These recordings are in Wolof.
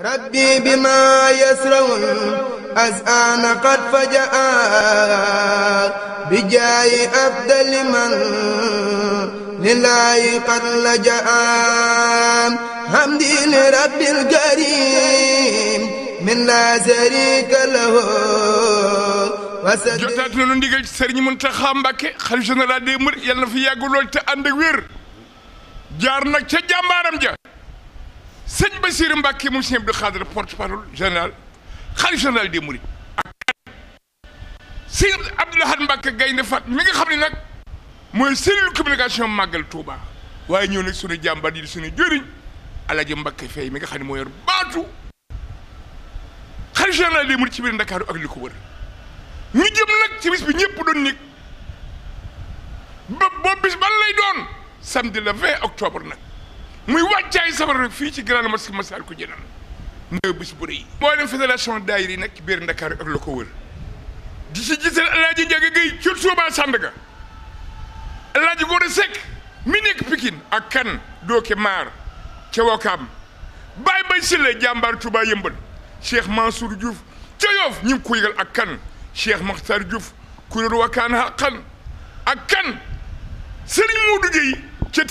ربي بما يسرون از انا قد فجاء بجاي أفضل من لله قد لجأ حمد لرب الكريم من لا شريك له جوتات نونو ديغال سيرني مونتا خامباكي خال جنرال ديمور يالنا في ياغول تا اند وير جار نك sëñ Bassirou Mbacké moom sëñ Abdou Khadre porte-parole général xalif général des Mourides ak sëñ Abdou Lahad Mbacké mi nga xam ni nag mooy cellule communication màggal Touba waaye ñoo nag suñu jàmbaar yi suñu jëriñ Alaaji Mbacké Faye mi nga xam ne moo yor baatu xalif général des Mourides ci biir Ndakaaru ak li ko wër ñu jëm nag ci bis bi ñëpp doon nekk ba boobu bis doon samedi le 20 octobre nag muy wàccaay safara rek fii ci grande mosquée Massalikul Jinaan ndew bis bu rëy mboolem daayir yi nekk ci biir Ndakaaru ak la ko wër di si gisal alaaji Njaga Gay ci Tuubaa Sandaga alaaji Góor Sekk mi nekk Pikine ak dooke maar ca Wakaam Baay Bay Silla jàmbaar Tuubaa Yëmbal Cheikh Mansour Diouf ca Yoof ñu ngi ko yëgal ak kan Cheikh Makhtar Diouf Wakaan xaqan ak kan Sëriñ Moodu Géey ca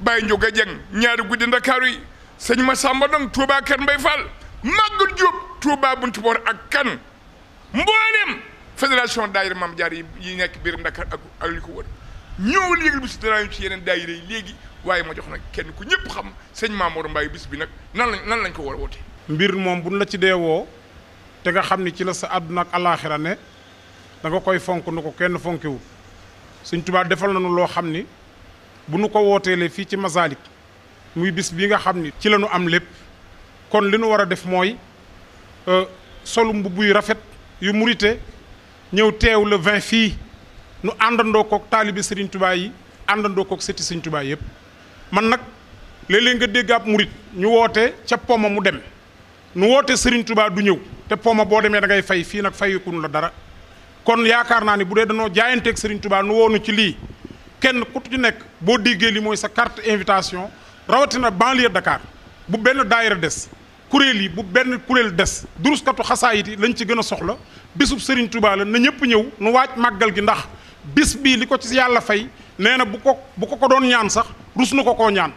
Baye Ndiouga Dieng ñaari guddi Ndakaaru yi sëñ Massamba Ndong Touba Kër Mbay Fall Maguette Diop Touba Buntu Boor ak kan mboolem fédération daayira Maam jaar yi nekk biir Ndakaar ak ak li ko wër ñëwal yëgal bis danañu ci yeneen daayira yi léegi waaye ma jox nag kenn ku ñëpp xam sëñ Mamour Mbaye bis bi nag nan lañ nan lañ ko war a woote. mbir moom buñ la ci dee deewoo te nga xam ni ci la sa àdduna ak alaaxira ne da koy fonk nu ko kenn fonkewul Sëñ Tuubaa defal nañu loo xam ni. bu nu ko wooteelee fii ci Masalik muy bis bi nga xam ni ci la ñu am lépp kon li nu war a def mooy euh, solu mbubb yu rafet yu murite ñëw teew la vingt fii nu àndandoo kook taalibi Serigne Touba yi àndandoo kook sëti Serigne yëpp man nag léeg-léeg nga dégg murit ñu woote ca poma mu dem nu woote Serigne Touba du ñëw te poma boo demee da ngay fay fii nag fayikunu la dara kon yaakaar naa ni bu dee danoo jaayanteeg Serigne Touba nu woonu ci lii kenn ku ci nekk bo déggee li moy sa carte invitation rawatina banlieue Dakar bu ben daayira dess kurel yi bu ben kurel dess duruskatu xasaayit yi lañ ci gëna soxla bisub Serigne Touba la na ñëpp ñëw nu waaj magal gi ndax bis bi liko ci yalla fay neena bu ko bu ko ko doon ñaan sax rus na ko koo ñaan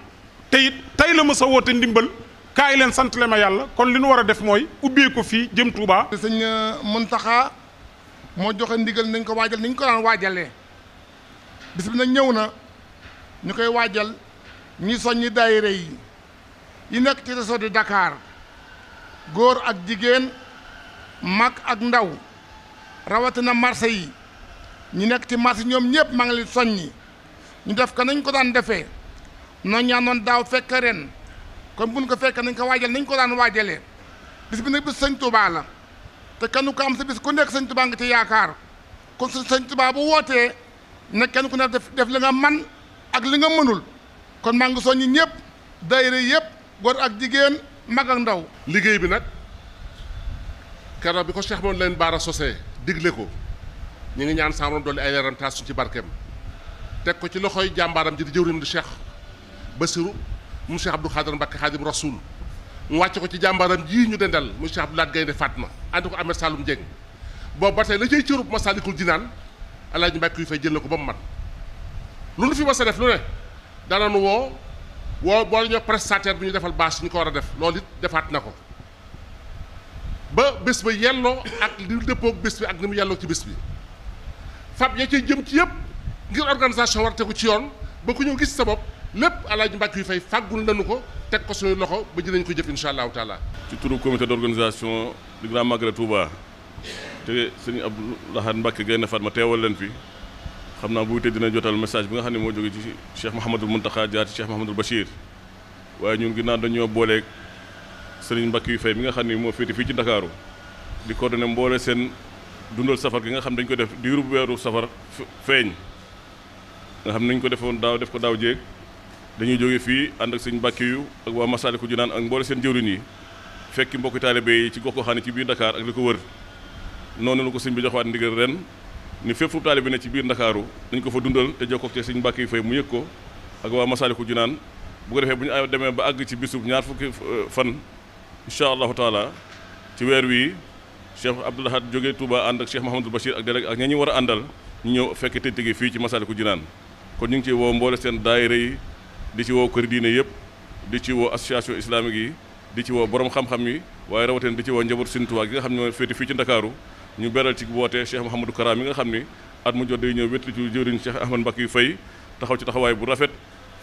te tay la ma sa woote ndimbal kay leen sant le yalla kon li nu wara def moy ubbee ko fi jëm Touba. serigne Mountakha mo joxe ndigal nañ ko waajal ko daan wajalé bis bi nag ñëw na ñu koy waajal ñi soññi daayira yi yi nekk ci réseau de Dakar góor ak jigéen mag ak ndaw rawatina marché yi ñu nekk ci marché ñoom ñëpp maa ngi leen soññi ñu def ko nañ ko daan defee noonu ñaanoon daaw fekk ren kon buñ ko fekk nañ ko waajal nañ ko daan waajalee bis bi nag bis sëñ Tuubaa la te kenn ku am sa bis ku nekk sëñ Tuubaa nga ci yaakaar kon su sëñ Tuubaa bu wootee ne kenn ku ne def def li nga man ak li nga mënul kon ma ngi soññi ñepp daayira yépp gor ak jigéen mag ak ndaw liggéey bi nag keroog bi ko Cheikh mon leen baara sosé diglé ko ñi ngi ñaan saamorom dolli ay leeram taas ci barkem teg ko ci loxoy jàmbaaram ji di di Cheikh Basiru mu Cheikh Abdou khadir Khadim Rasoul mu ko ci jàmbaaram ji ñu dendal mu Cheikh Abdou lat gayne Fatma ànd ko amer Saloum Dieng boobu ba tey la cay cërub Masalikul alaaji Mbàkke yu fay jël ko ba mu mat lu nu fi mas a def lu ne daanañu woo woo boo la ñoo prestataire bu ñu defal bâche ñu ko war a def loolu it defaat na ko ba bés ba yelloo ak li dëppoog bés bi ak ni mu yelloo ci bés bi fab ya cay jëm ci yëpp ngir organisation war tegu ci yoon ba ku ñëw gis sa bopp lépp alaaji Mbàkke yu fay fàggul nañu ko teg ko suñuy loxo ba dinañ ko jëf incha allahu taala ci turu comité d' organisation du grand magal te sëñ Abdou Lahad Mbacke Gaynde Fatma teewal leen fi xam naa buy tëj dina jotal message bi nga xam ne moo jóge ci Cheikh Mouhamadul Mountakha jaar ci Cheikh Mouhamadul Bachir waaye ñun ginnaaw dañoo booleeg sëriñ Mbacke yu fay mi nga xam ne moo féete fii ci Ndakaaru di coordonné mboole seen dundal safar gi nga xam dañ ko def diiru weeru safar feeñ nga xam nañ ko defoon daaw def ko daaw jéeg dañuy jóge fii ànd ak sëñ Mbacke yu ak waa Masaliku Jinaan ak mboole seen jëwriñ yi fekki mbokki taalibe yi ci gox goxaan ci biir Dakar ak li ko wër noonu la ko sëñ bi joxaat ndigal ren ni fépp fu taalibe ne ci biir ndakaaru dañ ko fa dundal te ko ci sëñ Mbàkke yi fay mu yëg ko ak waa Masaalikul Jinaan bu ko defee bu ñu demee ba àgg ci bisub ñaar fukki uh, fan incha allahu taala ci weer wii Cheikh Abdoul Ahad jógee Touba ànd ak Cheikh Mahamadul Bachir ak délégué ak ña ñu war a àndal ñu ñëw fekk tëj gi fii ci Masaalikul Jinaan kon ñu ngi ci woo mboole seen daay yi di ci woo kër diine yëpp di ci woo association islamique yi di ci borom xam-xam yi waaye rawateen di ci woo njaboot Sëñ Tuubaa gi nga xam ne mooy féete fii ci ndakaaru ñu beral ci wootee Cheikh Mouhamadou Kara mi nga xam ni at mu jot day ñëw wétli ci jëriñ Cheikh Ahmad Mbacké yu fay taxaw ci taxawaay bu rafet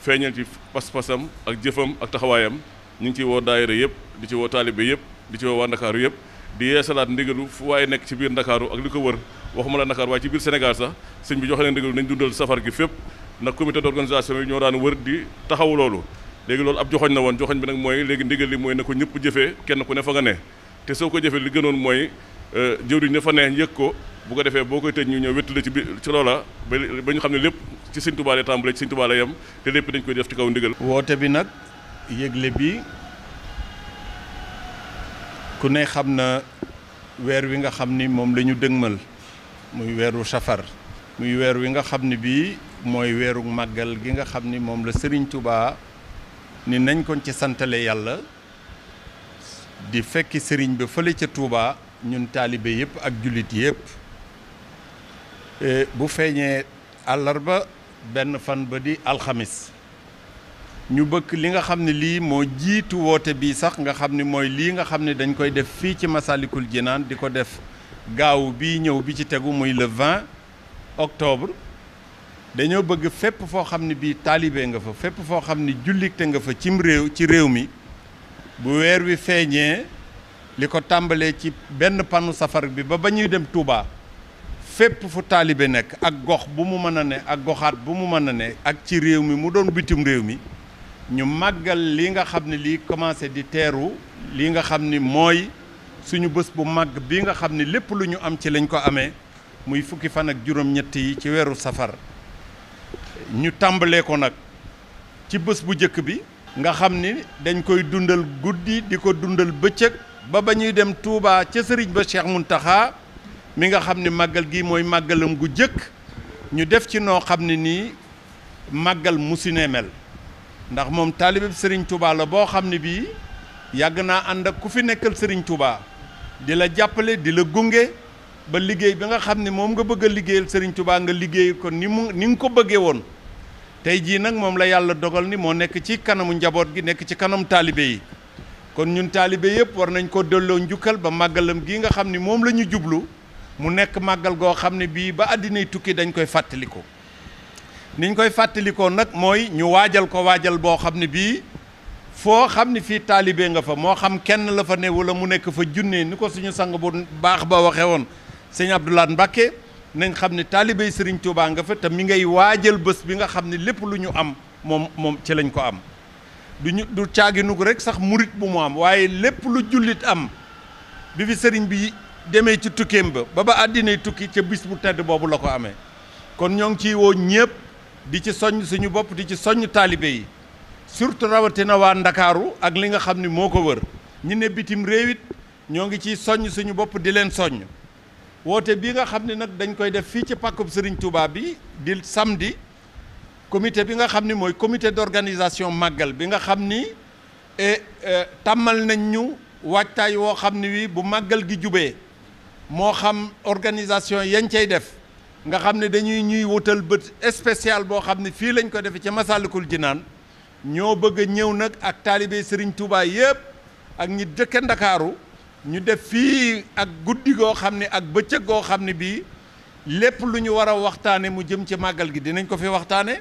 feeñal ci pas-pasam ak jëfam ak taxawaayam ñu ngi ciy woo daayira yëpp di ci woo taalibe yëpp di ci woo waa Ndakaaru yëpp di salaat ndigalu fu waaye nekk ci biir Ndakaaru ak li ko wër waxuma la Ndakaaru waaye ci biir Sénégal sax sëñ bi joxe na ndigalu nañ dundal safar gi fépp ndax comité d'organisation ñoo daan wër di taxaw loolu léegi loolu ab joxoñ na woon joxoñ bi nag mooy léegi ndigal li mooy na ko ñëpp jëfee kenn ku ne fa nga ne te soo ko jëfee li gënoon mooy Euh, jëwriñ dafa neex yëg ko bu ko defee boo koy tëj ñu ñëw wéttule ci bi ci loola ba ñu xam ne lépp ci Sëñ Tuubaa lay tàmbale ci Sëñ Tuubaa lay te lépp dañ koy def ci kaw ndigal woote bi nag yëgle bi ku ne xam na weer wi nga xam ni moom la ñu dëgmal weeru safar muy weer wi nga xam ni bii mooy weeru màggal gi nga xam ni moom la Sëriñ Tuubaa ni nañ ko ci santale yàlla di fekki sëriñ bi fële ca Tuubaa ñun taalibe yëpp ak jullit yépp e, bu feeñee àllarba benn fan ba di alxamis ñu bëgg li nga xam ne lii moo jiitu woote bi sax nga xam ni mooy lii nga xam ne dañ koy def fii ci Massalikul Jinaan di ko def gaaw bii ñëw bi ci tegu muy le 20 octobre dañoo bëgg fépp foo xam ne bii taalibe nga fa fepp foo xam ne jullite nga fa cim réew ci réew mi bu weer wi feeñee li ko tàmbalee ci benn panu safara bi ba ba ñuy dem Touba fépp fu taalibe nekk ak gox bu mu mën a ne ak goxaat bu mu mën a ne ak ci réew mi mu doon bitim réew mi ñu màggal li nga xam ne lii commencé di teeru li nga xam ni mooy suñu bés bu màgg bi nga xam ni lépp lu ñu am ci lañ ko amee muy fukki fan ak juróom-ñett yi ci weeru safar ñu tàmbalee ko nag ci bés bu njëkk bi nga xam ni dañ koy dundal guddi di ko dundal bëccëg ba ba ñuy dem Touba ci serigne ba Cheikh Muntaxa mi nga xamni magal gi moy magalam gu jëkk ñu def ci no xamni ni magal musine mel ndax mom taalibeb serigne Touba la bo xamni bi yag na and ak ku fi nekkal serigne Touba dila jappalé dila gungé ba liggéey bi nga xamni mom nga bëgg liggéeyal serigne Touba nga liggéey ko ni ni ko bëggé won tay ji nak mom la yalla dogal ni mo nekk ci kanamu njabot gi nekk ci kanam talibé yi kon ñun talibé yépp war nañ ko delloo njukkal ba magalam gi nga xamni mom lañu jublu mu nekk magal go xamni bi ba àddinay tukki dañ koy fatlikoo niñ koy fatlikoo nak moy ñu wajal ko wajal bo xamni bi fo xamni fi talibé nga fa mo xam kenn la fa ne wala mu nekk fa junne niko ko suñu sang bu baax ba waxé won sëñ Abdoulaye mbacké nañ xamni talibé taalibe Serigne Touba nga fa te mi ngay wajal bëss bi nga xamni lepp luñu am mom mom ci lañ ko am du ñu du caaginu rek sax murit bu mu am waaye lépp lu jullit am bi fi sëriñ bi demee ci tukkeem ba ba ba àddinay tukki ca bis bu tedd boobu la ko amee kon ñoo ngi ciy woo ñëpp di ci soññ suñu bopp di ci soññ taalibe yi surtout na waa ndakaaru ak li nga xam ni moo ko wër ñi ne bitim réew it ñoo ngi ciy soññ suñu bopp di leen soññ woote bii nga xam ne nag dañ koy def fii ci pàkkub sëriñ Touba bi di samdi comité bi nga xamni moy comité d'organisation magal bi nga xamni ni et eh, eh, nañu nañ wo xamni wi bu magal gi jubee mo xam organisation yañ cey def nga xamni dañuy ñuy wutal spécial bo xamni fi lañ ko defee ca Masaalikul jinan ñoo bëgg ñëw ak talibé Serigne Touba yépp ak ñi dëkke Ndakaaru ñu def fi ak guddi goo xam ak bëcc go xamni bi bii lépp lu ñu mu jëm ci magal gi dinañ ko fi waxtaane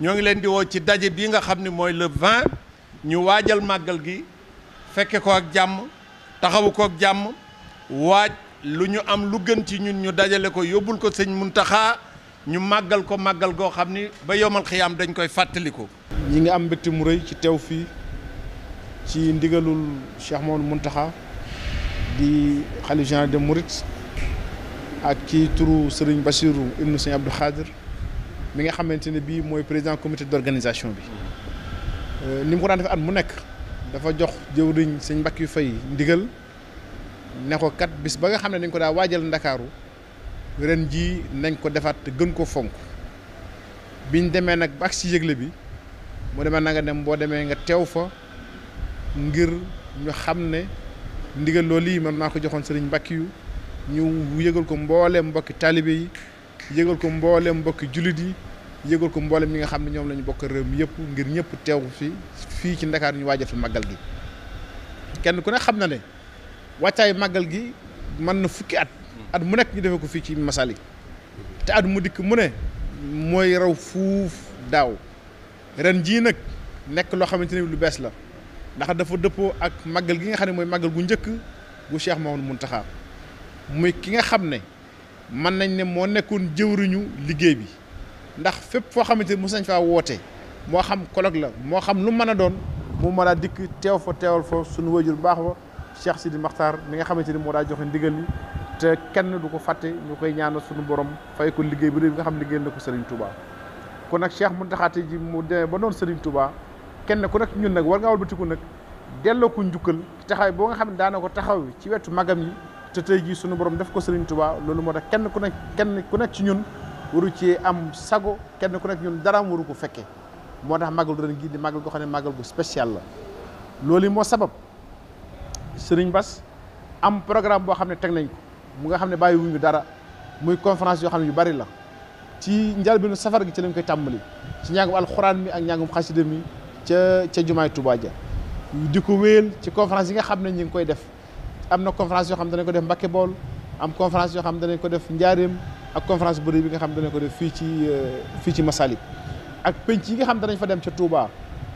ñoo ngi leen di woo ci daje bii nga xam ni mooy le 20 ñu waajal màggal gi fekke ko ak jàmm taxawu ko ak jàmm waaj lu ñu am lu gën ci ñun ñu dajale ko yóbbul ko sëñ Muntaxa ñu màggal ko màggal goo xam ni ba yomal xiyaam dañ koy fàttali ko ñi ngi am mbégte mu rëy ci teew fii ci ndigalul Cheikh Mouhamadou Muntaxa di xalif général des mourides ak ci turu Serigne Bassirou ibnu sëñ Abdou Khadir mi nga xamante ne bii mooy président comité d'organisation bi euh, ni mu ko daan defee at mu nekk dafa jox jëwriñ sëñ Mbackiou Faye ndigal ne ko kat bis ba nga xam ne dañ ko daan waajal ndakaaru ren ji nañ ko defaat te gën ko fonk biñ demee nag ba ak si yëgle bi mu demee na nga dem boo demee nga teew fa ngir ñu xam ne ndigal loolu yi man naa ko joxoon mbakk yu ñu yëgal ko mbooleem mbokki taalibe yi yëgal ko mboolem mbokki jullit yi yëgal ko mbooleem ñi nga xam ne ñoom la ñu bokk réew mi yëpp ngir ñëpp teew fi fii ci Ndakaar ñu waajal fi màggal gi kenn ku ne xam na ne wàccaay màggal gi mën na fukki at at mu nekk ñu defee ko fii ci Masalik te at mu dikk mu ne mooy raw fuuf daaw ren jii nag nekk loo xamante ni lu bees la ndax dafa dëppoo ak màggal gi nga xam ne mooy màggal gu njëkk gu Cheikh Mouhamadou Mountakha muy ki nga xam ne mën nañ ne moo nekkoon jëwriñu liggéey bi ndax fépp foo xamante ni mos nañ faa woote moo xam colloque la moo xam lu mën a doon mu mën a dikk teew fa teewal fa suñu wajur baax ba Cheikh Sidi Maxtaar mi nga xamante ni moo daa joxe ndigal li te kenn du ko fàtte ñu koy ñaanal suñu borom fay ko liggéey bi nga xam liggéey na ko Serigne Touba kon nag Cheikh Mountakha tey ji mu demee ba doon Serigne Touba kenn ku nekk ñu nag war ngaa walbatiku nag delloo ko njukkal taxaw boo xam ne daana ko taxaw ci wetu magam yi te tey jii sunu borom def ko Serigne Touba loolu moo tax kenn ku nekk kenn ku nekk ci ñun waru ci am sago kenn ku nekk ñun daraam waru ko fekkee moo tax màggal ren gii di màggal goo xam ne màggal gu spécial la loolu moo sabab sëriñ Bass am programme boo xam ne teg nañ ko mu nga xam ne bàyyi wuñu dara muy conférence yoo xam ne yu bari la ci njëlbéenu safar gi ci lañ koy tàmbali ci njàngum alxuraan mi ak njàngum xasida mi ca ca jumaay Touba ja di ko wéyal ci conférence yi nga xam ne ñu ngi koy def am na conférence yoo xam danañ ko def Mbacké Bool am conférence yoo xam danañ ko def Njaareem ak conférence bu rëy bi nga xam danañ ko def fii ci euh, fii ci Masalik ak penc yi nga xam danañ fa dem ca Touba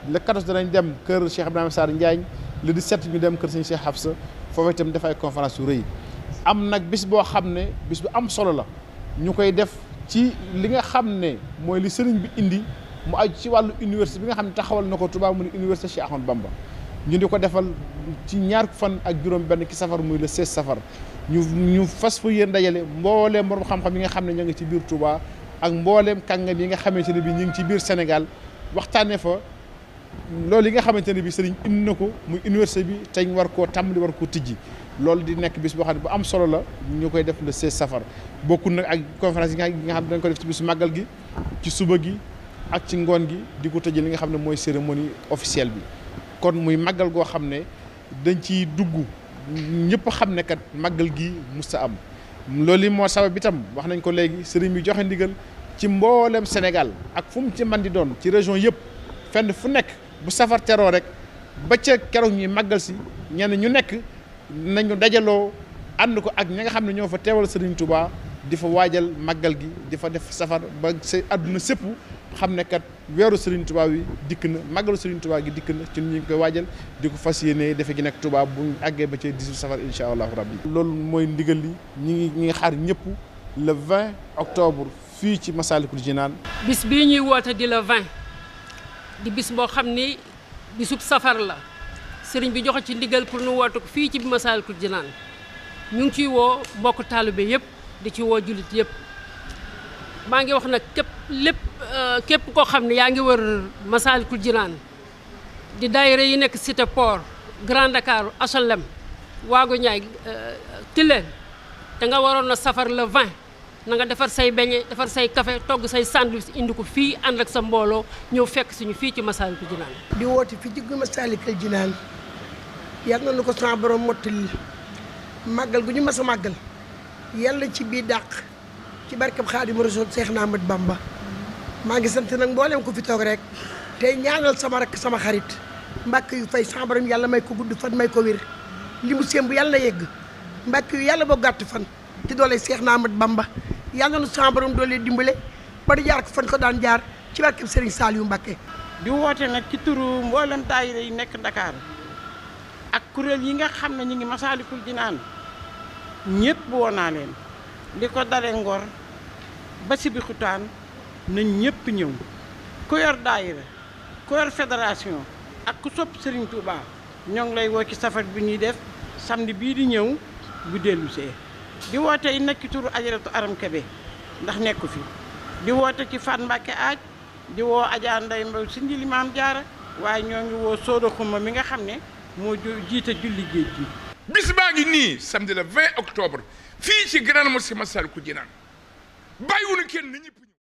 le danañ dem kër Cheikh Ibrahima Sarr Ndiagne le 17 dem kër sëñ Cheikh Hafsa foofu itam def ay conférence yu am nag bis boo xam ne bis bu am solo la ñu koy def ci li nga xam ne mooy li sëriñ bi indi mu aju ci wàllu université bi nga xam ne taxawal na ko Touba mu ne université Cheikh Ahmadou Bamba ñu di ko defal ci ñaar fan ak juróom benn ki safar muy le 16 safar ñu ñu fas fu yéen dajale mbooleem borom xam-xam yi nga xam ne ña ngi ci biir Touba ak mbooleem kàngam yi nga xamante ne bi ñu ci biir Sénégal fa yi nga xamante bi sëriñ ko muy université bi te war koo tàmbali war ko tijji loolu di nekk bis boo bu am solo la ñu koy def le 16 safar bokkul nag ak conférence yi nga xam dañ ko def ci bisu màggal gi ci suba gi ak ci ngoon gi di ko li nga xam ne cérémonie officielle bi kon muy màggal goo xam ne dañ ciy dugg ñëpp xam ne kat màggal gi mus a am loolu moo sabab itam wax nañ ko léegi sëriñ bi joxe ndigal ci mboolem Sénégal ak fu mu ci man di doon ci région yëpp fenn fu nekk bu safar teroo rek ba ca keroog ñuy màggal si ñenn ñu nekk nañu dajaloo ànd ko ak ña nga xam ne ñoo fa teewal sëriñ Touba di fa waajal màggal gi di fa def safar ba sa àdduna sépp xam ne kat weeru Serigne Touba yi dikk na màggalu Serigne Touba gi dikk na ci ñu ngi ko waajal di ko fas yéene defe gi nag tubaab bu ñu àggee ba ci 18 safar incha allahu rabbi loolu mooy ndigal li ñu ngi ñi ngi xaar ñëpp le 20 octobre fii ci Massalikul Jinaan bis bi ñuy woote di le 20 di bis boo xam ni bisub safar la sëriñ bi joxe ci ndigal pour nu woote ko fii ci Massalikul Jinaan ñu ngi ciy woo mbokk taalibe yëpp di ci woo jullit yëpp maa ngi wax nag képp lepp euh, képp ko xam ne yaa ngi wër Masaalikul Jinaan di daayira yi nekk cité port Grand Dakar HLM waago ñaay euh, Tilène te nga waroon a safar le 20 na nga defar say beñe defar say café togg say sandwich indi ko fii ànd ak sa mbooloo ñëw fekk suñu fii ci di woote fi ci Masaalikul Jinaan yàlla na nu ko sama borom mottali màggal gu ñu mas a màggal yàlla ci bii dàq ci barkab Xaadimu cheikh Bamba maa ngi sant nag mboolem ko fi toog rek tey ñaanal sama rakk sama xarit mbàkk yu fay sama yàlla may ko gudd fan may ko wér li mu sémb yàlla na yegg mbàkk yu yàlla boo gàtt fan ci doole Seex Ahmadu Bamba yàlla na sama doo doole dimbale ba du jaar ko fan ko daan jaar ci barkeb Serigne yu Mbacké di woote nag ci turu mboolem daayira yi nekk Dakar ak kuréel yi nga xam ne ñu ngi Masaalikul Jinaan ñëpp woo naa leen li ko dale Ngor ba Sébikotane nañ ñëpp ñëw ku yor daayira ku yor fédération ak ku sopp Serigne Touba ñoo ngi lay woo ci safar bi ñuy def samedi bii di ñëw bu dellusee di woote yi nekk ci turu ajaratu aram ndax nekku fi di woote ci Fan Mbàkke aaj di woo Adja Ndey Mbaw si njili maam jaara waaye ñoo ngi woo Soodo Xuma mi nga xam ne moo jiite julli géej gi bis baa ngi nii samedi le 20 octobre fii ci Grande Mosquée Massalikul Jinaan bàyyiwuñu kenn ni